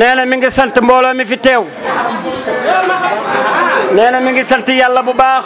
nee na mi ngi sant mbooloo mi fi teew. nee na mi ngi sant yàlla bu baax.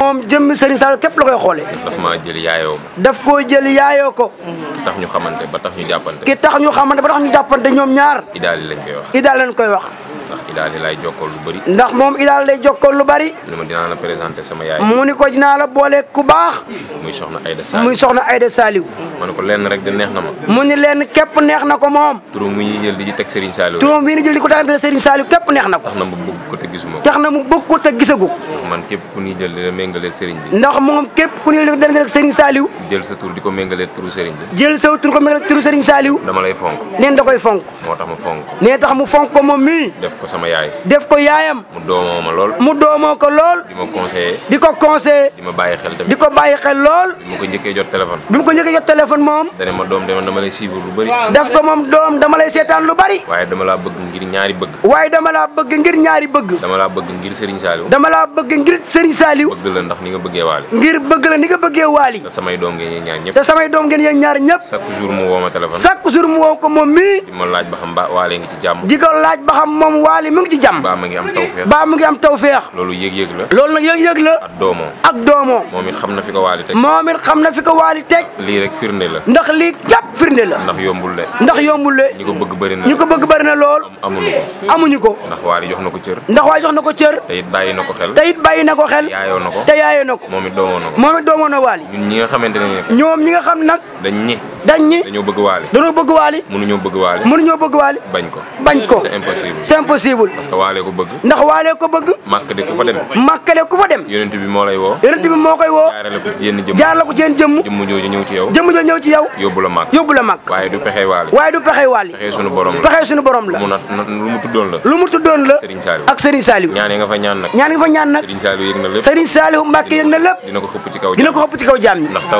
moom jëmm Serigne Saliou képp la koy xoolee. daf maa jël yaayoo ma. daf koo jël yaayoo ko. ki tax ñu xamante ba tax ñu jàppante. ki tax ñu xamante ba tax ñu ñoom ñaar. idaal lañ koy lañ koy wax. ndax Idaali lay jokkool lu bëri. ndax moom Idaali lay jokkool lu bëri. ni ma dinaa la présenté sama yaay. mu ni ko dinaa la boole ku baax. muy soxna Aida Saliou muy soxna Aida Saliou. ma ne ko lenn rek de neex na ma. mu ni lenn képp neex na ko moom. turam wi ñuy jël di ci teg Serigne Saliou. turam wi ñuy jël di ko teg Serigne Saliou képp neex na ko. tax na mu bëgg ko te gisuma ko. tax na mu bëgg ko te gisagu ko. ndax man képp ku ñuy jël di la méngale Serigne bi. ndax moom képp ku ñuy jël di la Serigne Saliou. jël sa tur di ko méngale turu Serigne bi. jël sa tur ko méngale turu Serigne Saliou. dama lay fonk. neen da koy fonk. moo tax mu fonk. nee tax mu fonk ko moom mii. def ko sama yaay. def ko yaayam. mu doomoo ma lool. mu doomoo ko lool. di ma conseillé. di ko conseillé. di ma bàyyi xel tamit di ko bàyyi xel lool. bi mu ko njëkkee jot téléphone. bi mu ko njëkkee jot téléphone moom. dane ma doom dama lay suivre lu bëri. daf ko moom doom dama lay seetaan lu bëri. waaye dama laa bëgg ngir ñaari bëgg. waaye dama laa bëgg ngir ñaari bëgg. dama laa bëgg ngir Serigne Saliou. dama laa bëgg ngir Serigne Saliou. bëgg la ndax ni nga bëggee waali. ngir bëgg la ni nga bëggee waali. te samay doom ngeen yéen ñaar ñëpp. te samay doom ngeen yéen ñaar ñëpp. chaque jour mu woo ma téléphone. chaque jour mu woo ko moom mii. di ma laaj ba xam ba waale ngi ci jàmm. di ko laaj ba xam moom moom waali mu ngi ci jàmm baa mu ngi am tawfeex baa mu ngi am tawfeex loolu yëg-yëg la loolu nag yëg-yëg la ak doomoo ak doomoo moom it xam na fi ko waali teg moom it xam na fi ko waali teg lii rek firnde la ndax li képp firnde la ndax yombul de ndax yombul ñi ko bëgg bëri na ñi ko bëgg bëri na lool amuñu ko amuñu ko ndax waali jox na ko cër ndax waali jox na ko cër te it bàyyi na ko xel te it bàyyi na ko xel yaayoo na ko te yaayoo na ko moom it doomoo na ko moom it doomoo na ñi nga xamante ne ñoom ñi nga xam nag dañ ñi dañ ñi dañoo bëgg waali dañoo bëgg waali mënuñoo bëgg waali mënuñoo bëgg waali bañ ko bañ ko c'est impossible c'est impossible parce que waalee ko bëgg ndax waalee ko bëgg màkk de ku fa dem màkk de ku fa dem yonent bi moo lay woo yonent bi moo koy woo jaarale ko ci yenn jëmm jaarale ko ci yenn jëmm jëmm jooju ñëw ci yow jëmm jooju ñëw ci yow yóbbu la màkk yóbbu la màkk waaye du pexey waali waaye du pexey waali pexey suñu borom la pexey suñu borom la mu na lu mu tuddoon la lu mu tuddoon la Serigne Saliou ak Serigne Saliou ñaan nga fa ñaan nag ñaan nga fa ñaan nag Serigne Saliou yëg na lépp Serigne Saliou Mbacké yëg na lépp dina ko xëpp ci kaw dina ko xëpp ci kaw jaam ñi ndax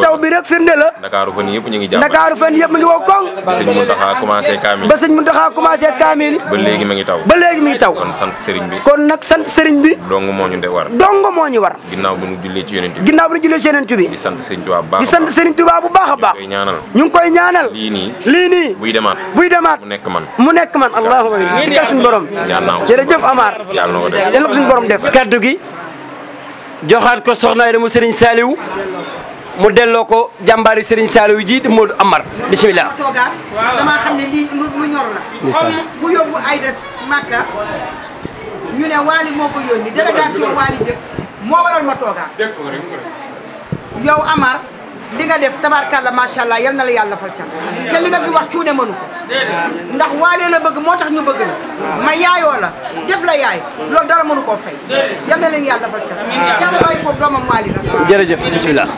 taw bi rek firnde la yëpp ñu ngi jàpp Ndakaaru fan ngi wow ba sëñ Muntaxa commencé kaamil ba ba léegi mi ngi taw ba léegi mi ngi taw kon sant sëriñ bi kon nag sant sëriñ bi dong moo de war dong moo war ginnaaw bu ñu jullee ci yonent bi ginnaaw sant sëriñ Tuubaa bu baax a baax ñu koy ñaanal lii nii lii nii buy demaat buy demaat mu nekk man mu nekk ci kër borom jërëjëf Amar yàlla na ko na ko def kaddu gi joxaat ko soxnaay dama sëriñ Saliou mu delloo ko jàmbaari Serigne Saliou ji di Modou Amar bisimilah. toogaa damaa xam ne lii lu ñor la. bu yóbbu ay Makka ñu ne Waly moo ko yónni délégation Waly jëf moo waral ma toogaa. yow Amar li nga def tabarkalla macha allah yal na la yàlla fal can li nga fi wax cuune mënu ko ndax waalee la bëgg moo tax ñu bëgg la ma yaayoo la def la yaay loolu dara mënu koo fay yal na leen yàlla fal can yàlla bàyyi ko doomam bismillah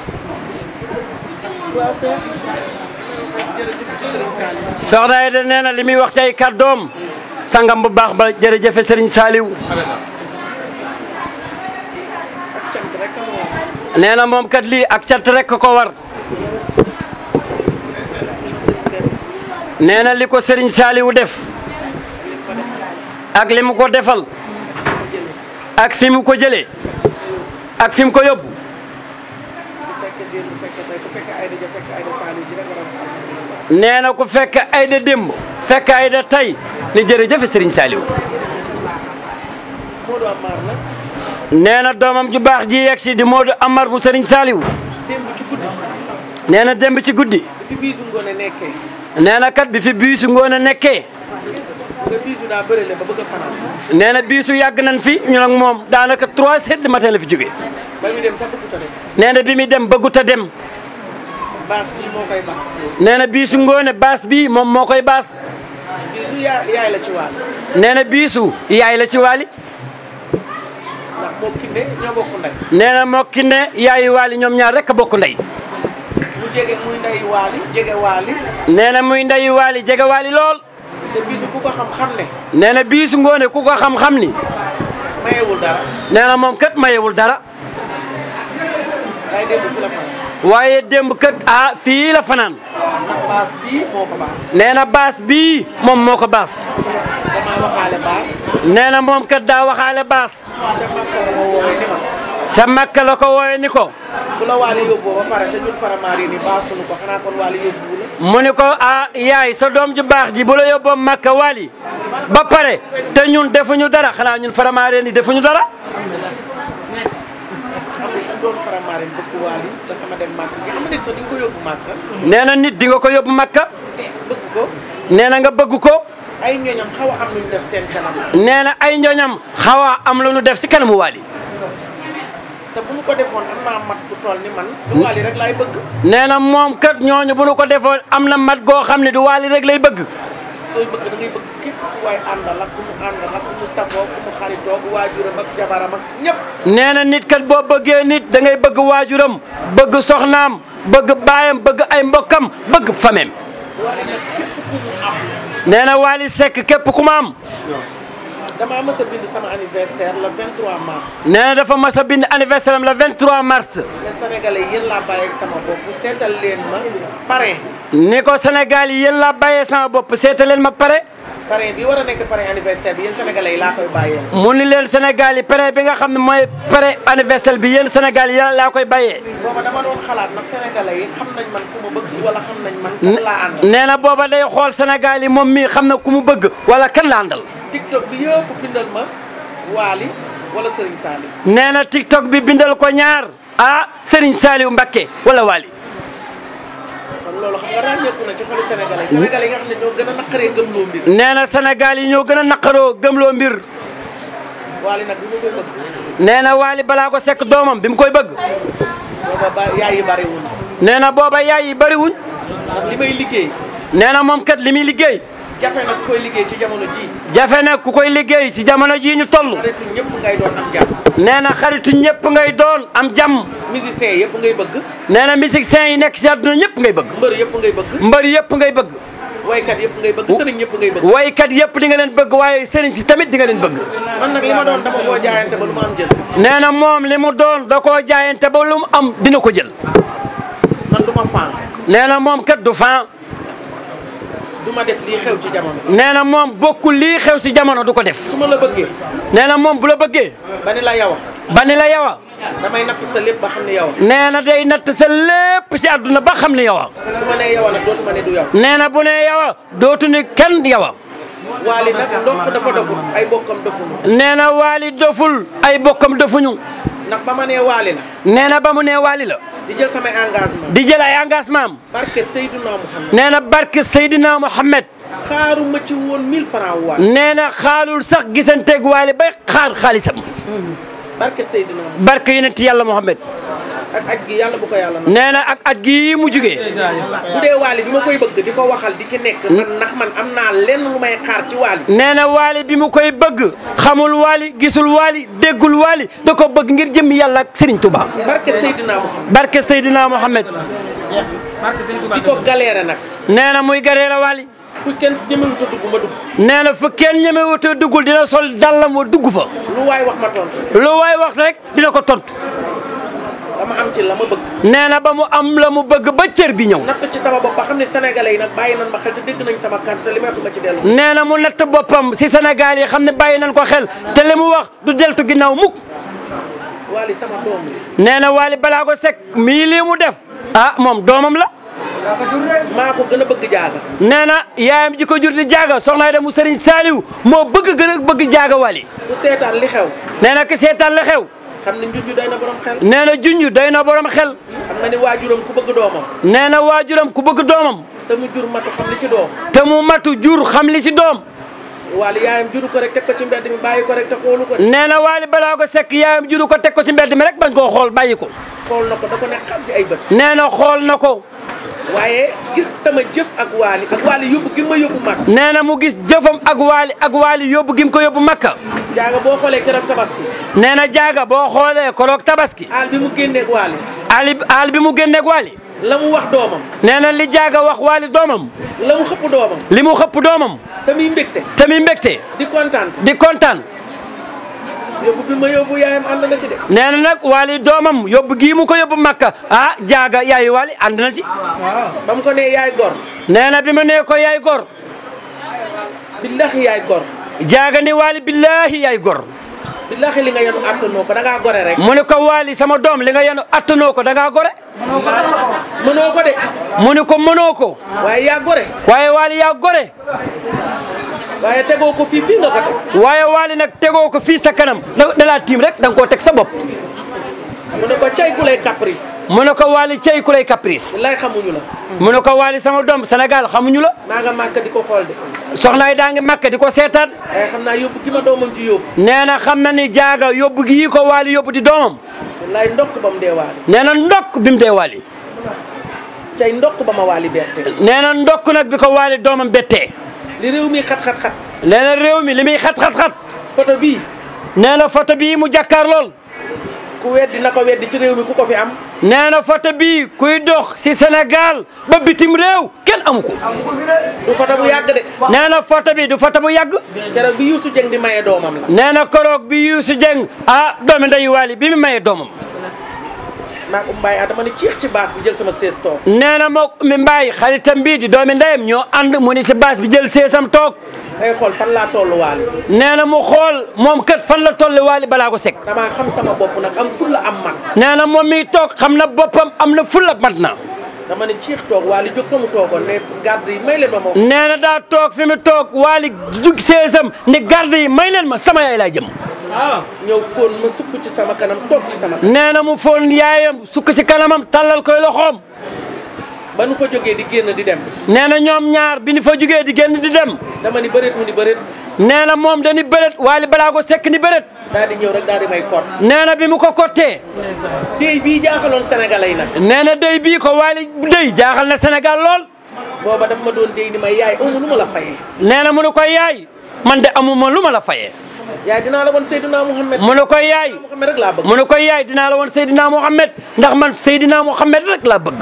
soxna yi de nee na li muy wax ci ay kàddoom sangam bu baax ba jërëjëf Serigne Saliou nee na moom kat lii ak cant rek ko war neena li ko Serigne Saliou def ak li mu ko defal ak fi mu ko jëlee ak fi mu ko yóbbu nee na ku fekk Aida démb fekk Aida tey ni jërëjëf Serigne Saliou nee na doomam ju baax ji yegg si di Modou Amar bu sëriñ Saliou nee na démb ci guddi nee na kat bi fi biisu ngoon a nekkee nee na biisu yàgg nañ fi ñu nag moom daanaka 3 heures du matin la fi jógee nee bi muy dem bëggut a dem baas moo koy nee na biisu ngóone baas bi moom moo koy baas. la ci waali. na biisu yaay la ci waali. ndax moo Kinde ñoo bokk ndey. nee rek a bokk ndey. muy ndeyu waali na muy ndeyu waali jege lool. te biisu ku ko xam-xam ne. nee na biisu ngóone ku ko xam-xam ni. mayewul dara. nee moom kat mayewul dara. waaye démb kat ah fii la fanaan nee na baas bii moom moo ko baas nee na moom kat daa waxaale baas te Makka la ko woowe ni ko mu ni ko ah yaay sa doom ju baax ji bu la yóbboo Makka waali ba pare te ñun defuñu dara xanaa ñun faramaareen yi defuñu dara doon faramaare bëgg te sama dem màkk nga xam nee na nit di nga ko yóbbu màkk. bëgg nee na nga bëgg ko. ay ñooñam xaw a nee na ay ñooñam xawa a am lu def si kanamu waali. te bu ko defoon na moom kat ñooñu bu ñu ko defoon am na mat goo xam ne du waali rek lay bëgg. ku waay àndal nee na nit boo bëggee nit da ngay bëgg waajuram bëgg soxnaam bëgg baayam mbokkam bëgg fameem. nee na Waly Seck képp ku ma am. damaa dafa a bind sama anniversaire le mars. nee dafa mës a bind anniversaire am mars. mais Sénégal ni ko Sénégal yi yéen laa bàyyee sama bopp seetal leen ma pare. a nekk parrain anniversaire bi yéen sénégalais yi laa mu ni leen Sénégal yi bi nga xam ne mooy parrain anniversaire bi yéen Sénégal yi laa koy bàyyee. booba nee na booba day xool Sénégal yi moom mi xam na ku mu bëgg wala kan laa àndal. TikTok bi yëpp bi bindal ko ñaar ah Serigne Saliou Mbacké wala Waly. loolu xam nga ràññeeku na a naqaree nee na Sénégal yi ñoo gën a naqaroo gëmloo mbir. waali nag nee na waali balaa ko sekk doomam bi mu koy bëgg. booba ba yaay yi bariwuñ. nee na booba yaay yi bariwuñ. li may liggéey. nee na moom li muy liggéey. jafe na ku koy liggéey ci jamono ji jafe na ku koy liggéey ci jamono ji ñu toll. xaritu ñëpp ngay doon am jàmm. nee na xaritu ñëpp ngay yëpp ngay bëgg. nee na musiciens yi nekk ci àdduna ñëpp ngay bëgg. mbër yëpp ngay bëgg. mbër yëpp ngay bëgg. waykat yëpp ngay bëgg sëriñ yëpp ngay bëgg. waykat yëpp di nga leen bëgg waaye sëriñ si tamit di nga leen bëgg. man nag nee na moom li mu doon da koo jaayante ba lu mu am dina ko jël. du def lii xew ci jamono. nee na moom bokku lii xew si jamono du ko def. su ma la bëggee. nee na moom bu la bëggee. ba la yawa. ba ni la yawa. damay lépp ba xam ne yawa. nee na day natt sa lépp si àdduna ba xam ne yawa. su ma nee yawa nag dootu yawa. nee na bu nee yawa dootu ni kenn yawa. waali nag ndokk ay bokkam dofuñu. nee na waali doful ay bokkam dofuñu. ndax ba ma nee waali la. nee na ba mu nee waali la. di jël samay engagement di jël ay engagement am. barke Seydina Mohamed. nee na barke Seydina Mohamed. nee na xaarul sax gisanteeg waali bay xaar xaalisam. barke Seydina Mohamed. barke yonent ak aj gi yàlla bu ko yàlla nee ak aj gi mu jugee bu dee waali bi ma koy bëgg di ko waxal di ci nekk man man am naa lenn lu may xaar ci waali nee waali bi mu koy bëgg xamul waali gisul waali déggul waali da ko bëgg ngir jëm yàlla ak Serigne Touba barke Seydina Mohamed barke Seydina Mohamed di ko galeere nag nee na muy galeere waali fu kenn ñemewut a dugg fu kenn ñemewut a duggul dina sol dàllam wa dugg fa. lu waay wax ma tontu. lu waay wax rek dina ko tontu. ba am ci la ma bëgg. nee na ba mu am la mu bëgg ba cër bi ñëw. natt ci sama bopp ba ne sénégalais yi nag bàyyi nañ ma xel te dégg nañ sama kàddu te li may wax ma ci dellu. nee na mu natt boppam si Sénégal yi xam ne bàyyi nañ ko xel te li mu wax du deltu ginnaaw mukk. waali sama na waali balaa ko sek mii lii mu def. ah moom doomam la. maa gën a bëgg jaaga. nee na yaayam ji ko jur di jaaga soxna Aida mu Serigne Saliou moo bëgg gën a bëgg jaaga waali. ku seetaan li xew. nee na ku seetaan li xew. xam ne junj doy na borom xel. nee na junj doy na borom xel. xam nga ne waajuram bëgg doomam. nee na waajuram ku bëgg doomam. te mu jur matu xam li ci doom. te mu matu jur xam li ci doom. waali yaayam juru ko rek teg ko ko rek te nee na waali balaa ko sekk yaayam juru ko teg ko ci mbedd mi rek bañ koo xool bàyyi xool na ko da ko ne xam ay bët. nee na xool na ko. waaye gis sama jëf ak waali ak waali yóbbu gi yóbbu Makka. nee na mu gis jëfam ak waali ak waali yóbbu gi mu ko yóbbu Makka. jaaga boo xoolee keroog tabaski. nee na jaaga boo xoolee keroog tabaski. aal bi mu génneeg waali. aal aal bi mu génneeg waali. la mu wax doomam. nee na li jaaga wax waali doomam. la mu xëpp doomam. li mu xëpp doomam. te muy mbégte. te di kontaan. di kontaan. yóbbu bi na ci doomam yóbbu gii mu ko yóbbu Makka aa ah, jaaga yaayu Waly ànd na ko nee yaay gor. nee na bi ma nee ko yaay gor. billahi yaay gor. jaaga ni Waly billahi yaay gor. li nga yenu attanoo ko da ngaa gore mu ne ko Waly sama doom li nga yenu attanoo ko da ngaa gore. mu ne ko mënoo ko. waaye yaa gore. waaye Waly yaa gore. waaye tegoo ko fii fii nga waaye Waly nag tegoo ko fii sa kanam da laa rek da koo teg sa bopp. mu ne cay ku lay caprice. mu ne ko Waly cay ku lay caprice. lay xamuñu la. mu ne ko Waly sama doom Sénégal xamuñu la. maa nga ko xool de. daa ngi màkk di ko seetaan. waaye xam naa yóbbu ma doomam ci yóbbu. nee xam na ni jaaga yóbbu gi ko Waly yóbbu di doomam. wallaay ndokk ba mu dee bi mu dee Waly. cay ndokk ba ma Waly bettee. nee na bi ko Waly doomam bettee. di réew mi xat-xat xat. nee na réew mi li muy xat-xat xat. photo bii. nee na photo bii mu jàkkaar lool. ku weddi na ko weddi ci réew mi ku ko fi am. nee na bi kuy dox si Sénégal ba bitim réew kenn amu ko. du photo bu yàgg de. nee na bi du photo bu yàgg. keroog bi Youssou Dieng di maye doomam la. nee bi Youssou Dieng a ah, doomi ndeyu Waly bi mu maye doomam. maa ko Mbaye ah, dama ne ci baas bi jël sama sees toog. nee na moom mi Mbaye xaritam bii di doomi ndeyam ñoo ànd mu ni si baas bi jël seesam toog. day xool fan laa tolluwaale. nee na mu xool moom kër fan la tolluwaale balaa ko sek damaa xam sama bopp nag am ful am man. nee moom miy toog xam na boppam am na ful la mat na. dama ne toog waali jóg fa mu toogoon ne may leen ma moom. daa toog fi mu toog waali jug seesam ni garde yi may leen ma sama yaay laa jëm. waaw ah. ñëw ma sukk ci sama kanam toog ci sama kanam. nee mu fóon yaayam sukk ci kanamam tallal koy loxoom. ba nu fa jógee di génn di dem. nee na ñoom ñaar bi ñu fa jógee di génn di dem. dama ni bëreet mu ni bëreet. nee na moom dañuy bëreet waaye balaa ko sekk ni bëreet. daal ñëw rek daal di may kott. nee na bi mu ko kottee. déy bii jaaxaloon Sénégal ay nag. nee na déy bii ko waaye déy jaaxal na senegal lool. booba daf ma doon déy ni may yaay amu lu ma la fayee. nee na mu ne ko yaay. man de amuma lu ma la fayee. yaay dinaa la woon Seydina Mohamed. mu ne ko yaay mu ne ko yaay dinaa la woon Seydina Mohamed ndax man Seydina Mohamed rek laa bëgg.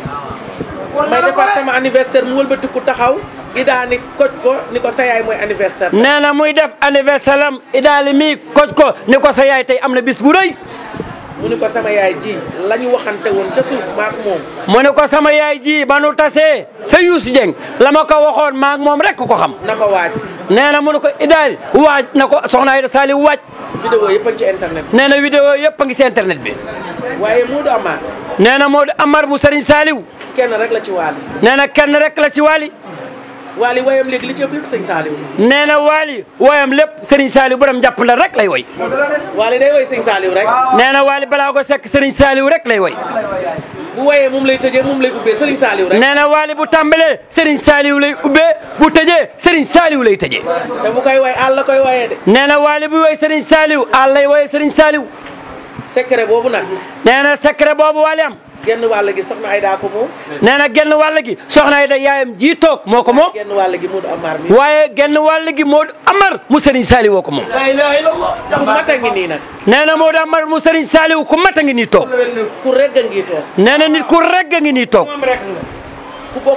may defar sama anniversaire mu wëlbatiku taxaw Ida ni koj ko ni sa yaay mooy anniversaire. nee na muy def anniversaire am Ida li mii koj ko ni ko sa yaay tey am na bis bu rëy. mu ni ko sama yaay ji la ñu waxante woon ca suuf maak moom. mu ni ko sama yaay ji ba nu tasee sa Youssou Dieng la ma ko waxoon maak moom rek ko xam. na ko waaj. nee na mu ni ko Idaali waaj na ko soxna Aida Saliou waaj. vidéo yëpp ci internet bi. nee na vidéo yëpp a ngi ci internet bi. waaye Modou Amar. nee na Modou Amar bu Serigne Saliou. kenn rek la ci waali. nee na kenn rek la ci waali. waali wayam léegi li ci ëpp lépp sëñ Saliou. nee na waali wayam lépp Serigne Saliou borom jàpp la rek lay woy. waali day woy sëñ rek. nee na waali balaa ko sekk Serigne Saliou rek lay woy. bu woyee moom lay tëjee moom lay ubbee Serigne Saliou rek. nee bu tàmbalee Serigne Saliou lay ubbee bu tëjee Serigne Saliou lay tëjee. te bu la koy woyee nee na waali bu woy Serigne Saliou àll lay woyee Serigne Saliou. secret boobu nag. nee na boobu waali genn wàll gi soxna Ayda ko moom. nee na genn wàll gi soxna Ayda yaayam ji toog moo ko moom. genn wàll gi Modou Amar mi. waaye genn wàll gi Modou Amar mu Serigne Saliou woo ko moom. la a ngi nii nag. nee na Modou Amar mu Serigne Saliou ku mat a ngi nii toog. ku a ngi toog. nee na nit ku regg ngi nii toog. moom ku ku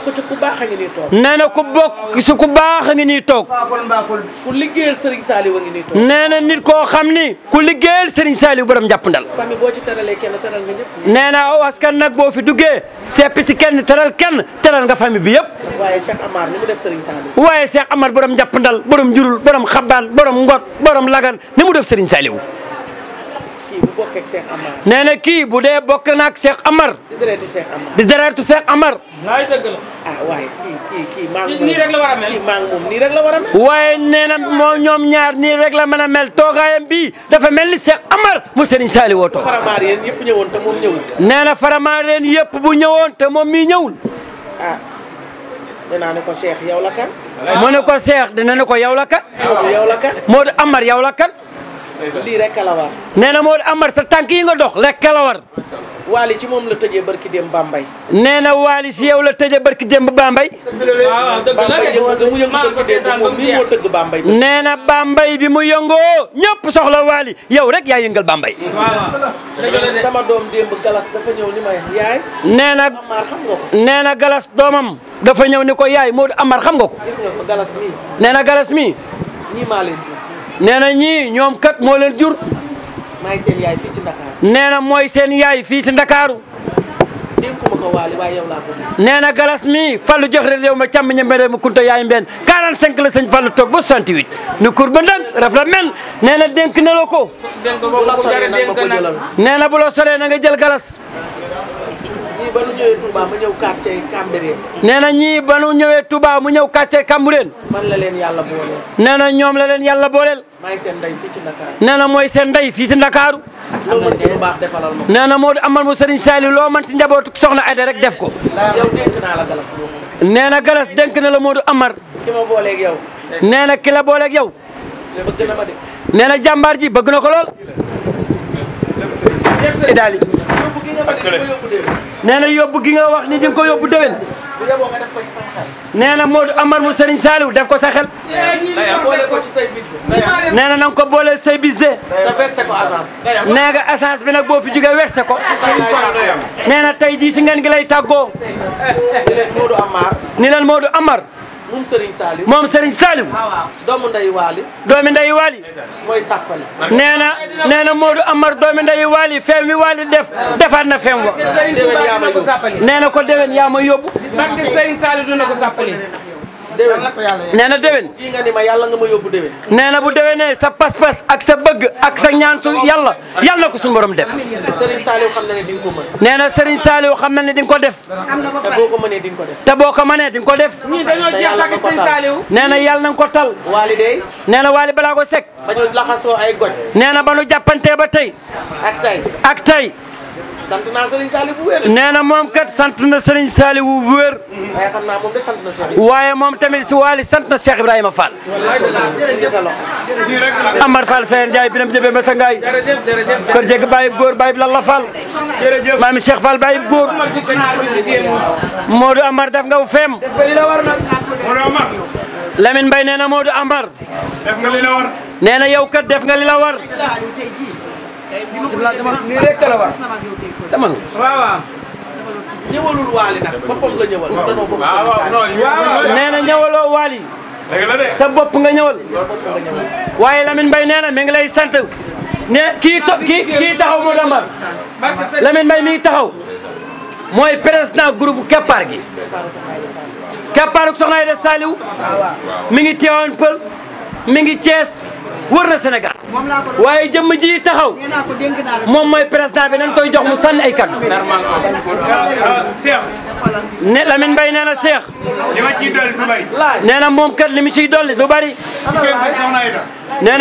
a ngi nii toog. nee na ku bokk ci ku baax a ngi nii toog. mbaakol mbaakol ku liggéeyal Serigne Saliou a ngi nii nee na nit koo xam ni. ku liggéeyal Serigne Saliou borom jàppandal. famille boo ci teralee kenn teral nga ñëpp. nee na aw askan nag boo fi duggee seppi si kenn teral kenn teral nga famille bi yëpp. waaye Cheikh Amar ni mu def Serigne Saliou. waaye Cheikh Amar borom jàppandal borom jurul borom xabaan borom ngot borom lagan ni mu def Serigne Saliou. nee na kii bu dee bokk na ak Amar. di dereetu Cheikh Amar. Ah, waaye dëgg kii kii kii maa ngi moom nii rek la war a mel kii maa la waaye nee na moom ñoom ñaar nii rek la mën a mel toogaayam bii dafa mel ni Cheikh Amar mu Serigne Saliou woo toog. faramaareen yëpp ñëwoon te moom ñëwul. nee na faramaareen yëpp bu ñëwoon te moom mii ñëwul. ah dinaa ne ko yow la kan. mu ne ko Cheikh dina ne ko yow la kan. Modou Amar yow la lii rek la war. nee na Modou Amar sa tànk yi nga dox rek la war. waali ci moom la tëjee barki dem Bambay. nee na waali si yow la tëjee barki dem Bambay. waaw dëgg la de Bambay nee na Bambay bi mu yëngoo ñëpp soxla waali yow rek yaa yëngal Bambay. sama doom démb galas dafa ñëw ni nee na nee na galas doomam dafa ñëw ni ko yaay Modou Amar xam nga ko. nee na ñii ñoom kat moo leen jur. maay nee na mooy seen yaay fii ci Ndakaaru. dénkuma waaye nee na galas mi fallu jox leen yow ma càmm ña mbéy mi kunta yaay mbeen 45 la sëñ fallu toog ba 68 nu kur ba ndànk raf la mel nee na dénk na la ko. bu la soree na nga nee na bu la soree na nga jël galas. ba nu ñëw quartier Cambérène. nee na ñii ba nu tubaa Touba mu ñëw quartier Cambérène. man la leen yàlla nee na ñoom la leen yàlla booleel. maay seen ndey fii mooy seen ndey fii ci Ndakaaru. loo mën ci nee na moo amal mu Serigne Saliou loo mën ci njabootu soxna Aida rek def ko. yow galas nee na galas dénk na la Modou Amar. ki ma booleeg yow. nee na ki la yow. nee na jàmbaar ji bëgg na ko lool. nee na yóbbu gi nga wax ni di ko yóbbu déwén. nee na Modou Amar mu Serigne wu def ko saxel xel. nee na na ko boole say bis de. nee nga essence bi nag boo fi jógee verse ko. nee na tey jii si ngeen gi lay tàggoo. ni leen Modou Amar. moom Serigne Saliou moom Serigne Saliou. Ah, waaw doomu Ndeye Waly. doomu Ndeye Waly. mooy Sakkali. nee na nee na Modou Amar doomu Ndeye Waly feem mi Waly def defaat na feem wa. nee na ko déwén yaa ma yóbbu. barke Serigne Saliou dina ko sàppali. nee na déwén nee na bu déwénee sa pas-pas ak sa bëgg ak sa ñaan su yàlla yàlla ko suñu borom def. nee na Serigne Saliou xam na ne di nga ko def. te boo ko mënee di nga ko def. te boo ko mënee di nga ko def. nee na yàlla na nga ko tal. nee na waali balaa ko sek. nee na ba nu jàppantee ba tey. ak tey. sant naa nee na moom kat sant na Serigne Saliou bu wér. waaye xam naa sant na Cheikh. waaye moom tamit si waali sant na Cheikh Ibrahima Fall. Amar bi na mu jëbee Massa Ngaye. kër jéggi Baye Góor Baye Lalla Fall. maami Cheikh Fall Baye Góor. Modou Amar def nga wu feem. Lamine Mbaye nee na Modou Amar. def nga li la war. yow kat def nga li la war. bisimilah dama nii rek la war dama nu. waaw waaw. ñëwalul waali nag boppam nga sa bopp nga ñëwal. waaye Lamine mbay nee na mi lay sant. kii to taxaw mu damar Lamine Mbaye mi ngi taxaw mooy président groupe keppaar gi. keppaaru Soxna Aida Saliou mi ngi Tivaouane Peulh mi ngi Thiès wër na Sénégal. waaye jëmm ji taxaw moom mooy président bi nañ koy jox mu sànni ay kaddu. ne Lamine Mbaye nee na Cheikh. li ma ciy dolli du bari. nee na moom kat li mu ciy dolli du bari. nee